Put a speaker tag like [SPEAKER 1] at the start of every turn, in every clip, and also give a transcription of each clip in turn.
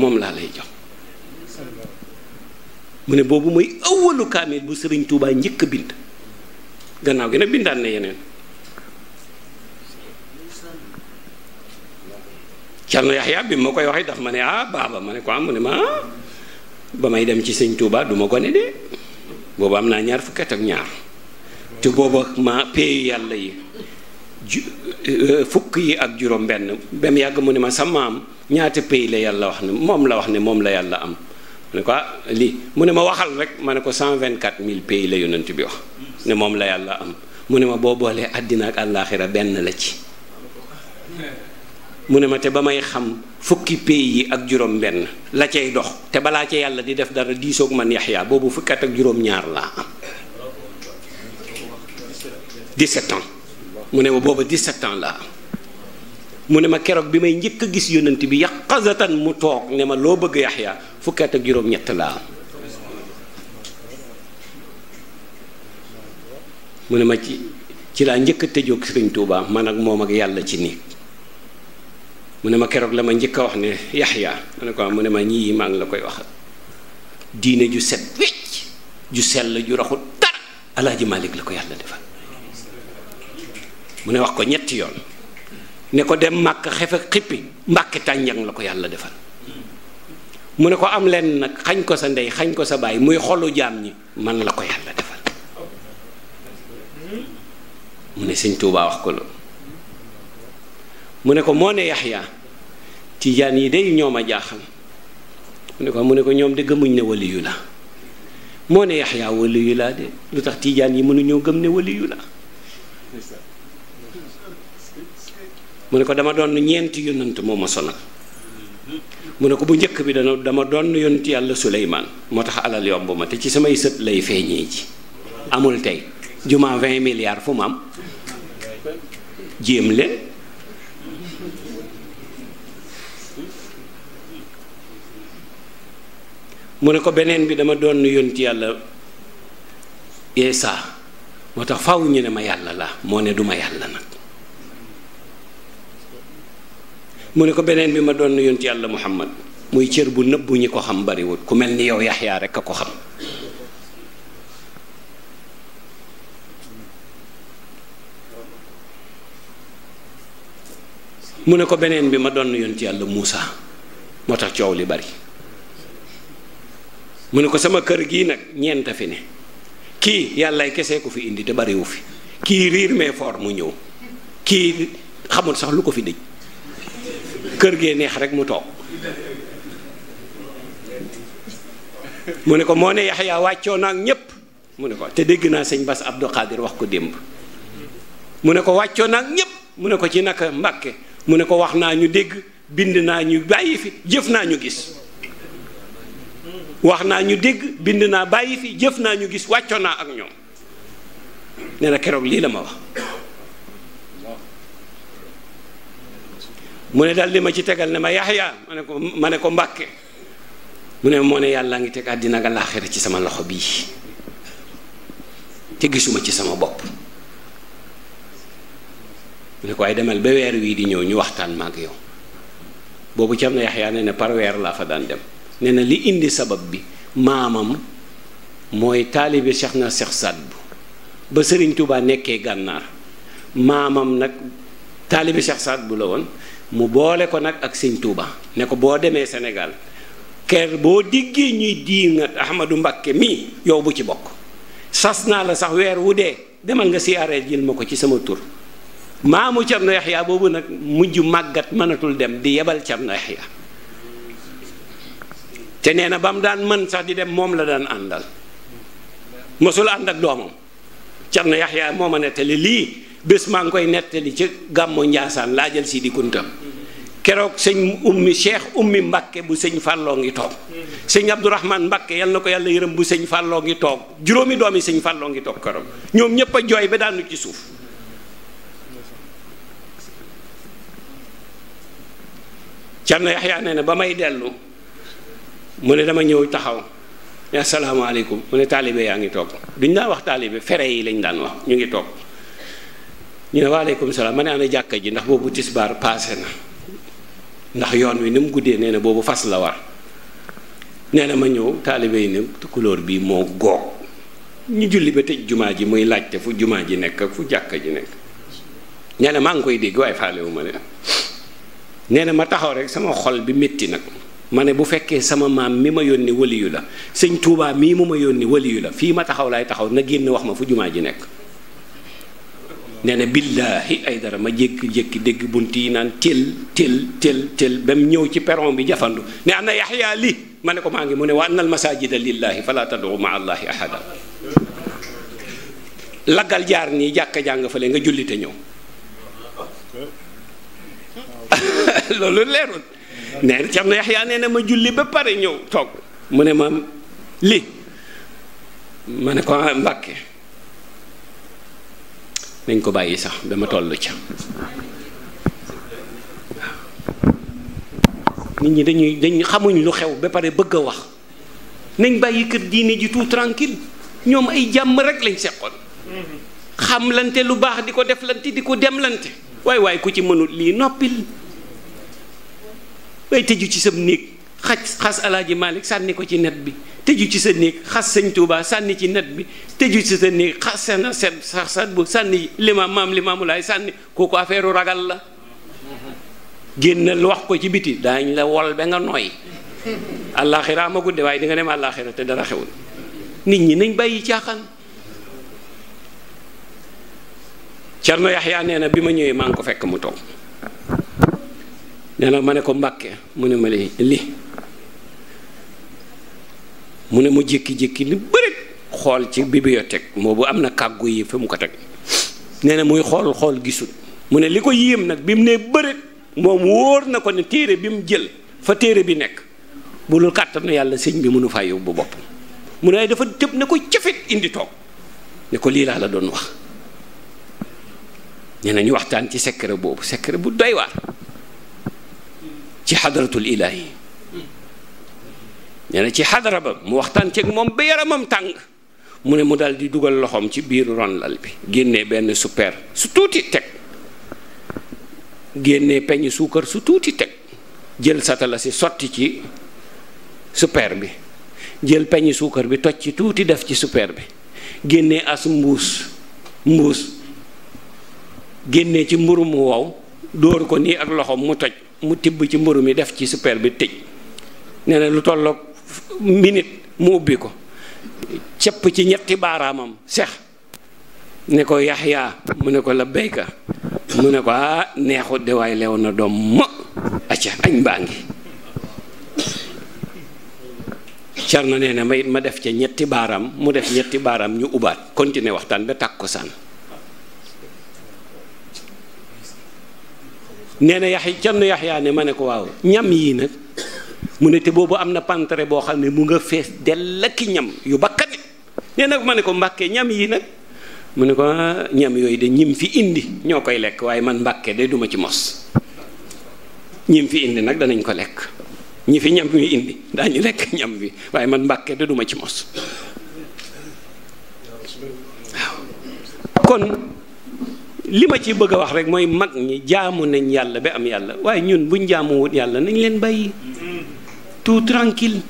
[SPEAKER 1] moom laa lay jox mu ne boobu muy ëwwalu kaamil bu sëriñ tuubaa njëkk a bind gannaaw gi nag bindaan na yeneen Cerno Yaxya bi ma koy waxee daf ma ne ah baaba ma ne ko am ah, mu ne ma ah, ba may dem ci sëñ Touba duma ko ne de boobu am naa ñaar fukkat ak ñaar te booba ma peeyu yàlla yi Euh, fukk yi ak juróom benn ba mu yàgg mu ne ma sa maam ñaata pays la yàlla wax ne moom la wax ne moom la yàlla am mu ne ko ah, mu ne ma waxal rek ma ne ko 124000 pays la yonent bi wax ne moom la yàlla am mu ma boo boolee àddina ak àllaaxira benn la ci mu ne ma te ba may xam fukki pays yi ak juróom benn la cay dox te balaa ca yàlla di def dara diisoog man yaxyaa boobu fukkat ak juróom ñaar laa am 17 ans mu ne ma booba 17 ans laa mu ne ma keroog bi may njëkk a gis yonent bi yaqazatan mu toog ne ma loo bëgg yaxya fukki at ak juróom laa mu ne ma ci ci laa njëkk a tëjoog sëriñ Tuubaa man moom ak yàlla ci ni mu ne ma keroog la ma njëkk a wax ne yaxya mu ne ne ma ñii maa ngi la koy waxal diine ju set wecc ju sell ju raxul dara alaaji Malik la ko yàlla defal mu ne wax ko ñetti yoon ne ko dem màkk xefe xippi mbàkki tànjang la ko yàlla defal mu ne ko am leen nag xañ ko sa ndey xañ ko sa baay muy xolu jaam ni man la ko yàlla defal mu ne sëñ Tuubaa wax ko loolu mu ne ko moo ne Yaxya tijaan yi day ñoom a jaaxal mu ne ko mu ne ko ñoom de gëmuñ ne waliyu la moo ne Yaxya waliyu laa de lu tax tijaan yi mënuñoo gëm ne waliyu la mu ne ko dama doon ñeenti yonant moo ma sonal mu ne ko bu njëkk bi dana dama doon yonant yàlla Suleymaan moo tax alal yomb ma te ci samay sët lay feeñee ji amul tey juma 20 milliards fu mu am jéem leen mu ne ko beneen bi dama doon yonant yàlla Eesa moo tax faw ñu ne ma yàlla la moo ne duma yàlla nag mu ne ko beneen bi ma doon na yonti yàlla muhammad muy cër bu nëbbu ñi ko xam bariwul ku mel ni yow yaxyaa rek a ko xam mu ne ko beneen bi ma doon yonti yàlla Muusa moo tax coow li bari mu ne ko sama kër gii nag ñeenta fi ne kii yàllaay kese ko fi indi te bariwu fi kii riir mais fort mu ñëw kii xamut sax lu ko fi dëj kër gee neex rek mu toog mu ne ko moo ne Yaxya wàccoo naag ñépp mu ne ko te dégg naa sëñ Bass Abdou Khadir wax ko démb mu ne ko wàccoo naag ñépp mu ne ko ci naka Mbàkke mu ne ko wax naa ñu dégg bind naa ñu bàyyi fi jëf naa ñu gis wax naa ñu dégg bind naa bàyyi fi jëf naa ñu gis wàccoo naa ak ñoom nee na keroog lii la ma wax mu ne daal di ma ci tegal ne ma yaxya ma ne ko ma ne ko mbàkke mu ne moo ne yàlla ngi teg dina ak laaxira ci sama loxo bii te gisuma ci sama bopp mu ne ko ay demal ba weer wii di ñëw ñu waxtaan ma ak yow boobu ci am na yaxya ne ne par weer laa fa daan dem nee na li indi sabab bi maamam mooy taalibe Cheikh na Cheikh Saad bu ba Serigne Touba nekkee gànnaar maamam nag taalibe Cheikh Saad bu la woon mu boole ko nag ak sëñ Touba ne ko boo demee senegal kër boo diggee ñuy diingat Ahmadou Mbakke mii yow bu ci bokk sas naa la sax weer wu dee demal nga siyaareel jël ma ko ci sama tur maamu Cerno Yaxya boobu nag mujj màggat mënatul dem di yebal Cerno Yaxya te nee na ba mu daan mën sax di dem moom la daan àndal mësul ànd ak doomam Cerno Yaxya moo ma nettali lii bés maa ngi koy nettali ci gàmmo Njaasaan laa jël si di kuntam keroog sëñ ummi cheikh ummi Mbakke bu sëñ fàlloo ngi toog sëñ Abdourahman Mbakke yal na ko yàlla yërëm bu sëñ fàlloo ngi toog juróomi doom doomi sëñ fàlloo ngi toog keroog ñoom ñépp a jooy ba daanu ci suuf Cerno Yaxya ne ne ba may dellu mu ne dama ñëw taxaw ne asalaamaaleykum mu ne taalibe yaa ngi toog duñ daan wax taalibe fere yi lañ daan wax ñu ngi toog ñu ne waaleykum salaam ma ne ana jàkka ji ndax boobu tisbaar paase na ndax yoon wi ni mu guddee nee na boobu fas la war nee na ma ñëw taalibe yi ne couleur bii moo goog ñu julli ba tëj jumaa ji muy laajte fu jumaa ji nekk ak fu jàkka ji nekk nee na maa ngi koy dégg waaye faalewu ma ne nee na ma taxaw rek sama xol bi métti nag ma ne bu fekkee sama maam mi ma yónni waliyu la sëñ Tuubaa mii mu ma yónni waliyu la fii ma taxaw laay taxaw na génn wax ma fu jumaa ji nekk nee na billaahi ay dara ma jékki-jékki dégg bunt yi naan téel téel téel ba mu ñëw ci peron bi jafandu ne ana yaxya li ma ne ko maa ngi mu ne wa anna al masajida lillaahi fala tad'u ma allahi ahada laggal jaar nii jàkka jàng fale nga jullite ñëw loolu leerul nee na Cerno Yaxya nee na ma julli ba pare ñëw toog mu ne ma li ma ne ko ah, Mbàkke nañ ko bàyyi sax dama ma toll ca nit ñi dañuy dañ xamuñ lu xew ba pare bëgg a wax nañ bàyyi kër diine ji tout tranquille ñoom ay jàmm rek lañ seqoon xamlante lu baax di ko deflante di ko demlante waaye waaye ku ci mënul lii noppil bay tëju ci sam néeg xaj xas alaaji Malick sànni ko ci net bi tëju ci sa néeg xas sëñ Touba sànni ci net bi tëju ci sa néeg xas seen set sax bu sànni limaam maam limaamu laay sànni kooku affaire ragal la génnal wax ko ci biti daañ la wol ba nga nooy àllaaxira ma gudde waaye di nga dem àllaaxira te dara xewul nit ñi nañ bàyyi caaxaan Cerno Yaxya nee na bi ma ñëwee maa ngi ko fekk mu toog nee ma ne ko Mbàkke mu ne ma li mu ne mu jékki-jékki ni bëri xool ci bibliothèque moobu am na kàggu yi fa mu ko teg nee na muy xool xool gisul mu ne li ko yéem nag bi mu nee bëri moom wóor na ko ne téere bi mu jël fa téere bi nekk bu dul kàttan yàlla sëñ bi mënu faa bu bopp mu ne dafa tëb ne ko cafit indi toog ne ko lii la doon wax nee na ñu waxtaan ci secret boobu secret bu doy waar ci xadaratul ilaahi nee ci xadara ba mu waxtaan ceeg moom ba yaramam tàng mu ne mu dal di dugal loxoom ci biir ron lal bi génnee benn super su tuuti teg génnee peñu suukar su tuuti teg jël satala si sotti ci super bi jël peñu suukar bi toj ci tuuti def ci super bi génnee as mbuus mbuus génnee ci mburu mu wow dóor ko nii ak loxoom mu toj mu tibb ci mburu mi def ci super bi tëj nee lu tolloog minute mu ubbi ko cepp ci ñetti baaraamam seex ne ko yaxyaa mu ne ko la beyka mu ne ko ah neexut de waay lew na doom ma acca añ baa ngi Cerno nee ma it ma def ca ñetti baaraam mu def ñetti baaraam ñu ubaat continuer waxtaan ba ko nee na yax Cerno yaxyaa ne ma ne ko waaw ñam yii nag mu ne te boobu am na pantere boo xam ne mu nga fees dell ak ñam yu bakkani nee nag ma ne ko mbàkkee ñam yi nag mu ne ko ah, ñam yooyu de ñim fi indi ñoo koy lekk waaye man mbàkkee de duma ci mos ñim fi indi nag danañ ko lekk ñi fi ñam indi daañu lekk ñam bi waaye man mbàkkee de duma ci mos waaw kon li ma ci bëgg a wax rek mooy mag ñi jaamu nañ yàlla ba am yàlla waaye ñun buñ jaamuwut yàlla nañ leen bàyyi tout tranquille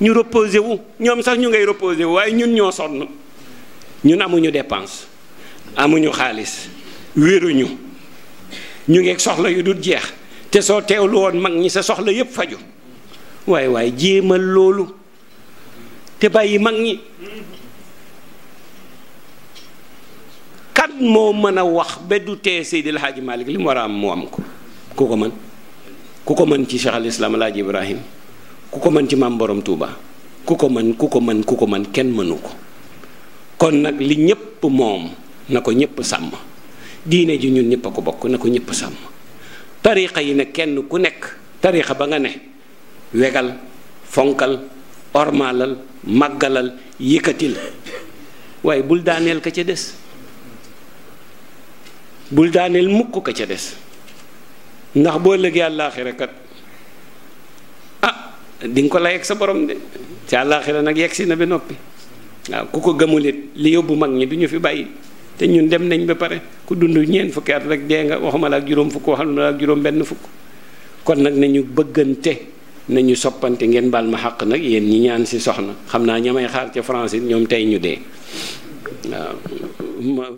[SPEAKER 1] ñu reposé wu ñoom sax ñu ngay reposé waaye ñun ñoo sonn ñun amuñu dépense amuñu xaalis wéruñu ñu ngeeg soxla yu du jeex te soo teewlu woon mag ñi sa soxla yépp faju waaye waaye jéemal loolu te bàyyi mag ñi kan moo mën a wax ba du tee Seydil Hadji Malick li mu war a am mu am ko ku ko mën ku ko mën ci Cheikh al Islam El Hadji Ibrahim ku ko mën ci maam borom Touba ku ko mën ku ko mën ku ko mën kenn mënu ko kon nag li ñépp moom na ko ñépp sàmm diine ji ñun ñépp a ko bokk na ko ñépp sàmm tarixa yi ne kenn ku nekk tarixa ba nga ne wegal fonkal ormaalal màggalal yëkkatil waaye bul daaneel ka ca des bul daaneel mukk ka ca des ndax boo lëg yàllaaxira di nga ko layeeg sa borom de ci àllaaxira nag yegg si na ba noppi waaw ku ko gëmul it li yóbbu mag ñi du ñu fi bàyyi te ñun dem nañ ba pare ku dund ñeent fukki at rek dee nga waxuma ak juróom fukk waxuma ak juróom benn fukk kon nag na ñu bëggante nañu soppante ngeen baal ma xàq nag yéen ñi ñaan si soxna xam naa ñamay xaar ca France it ñoom tey ñu dee waaw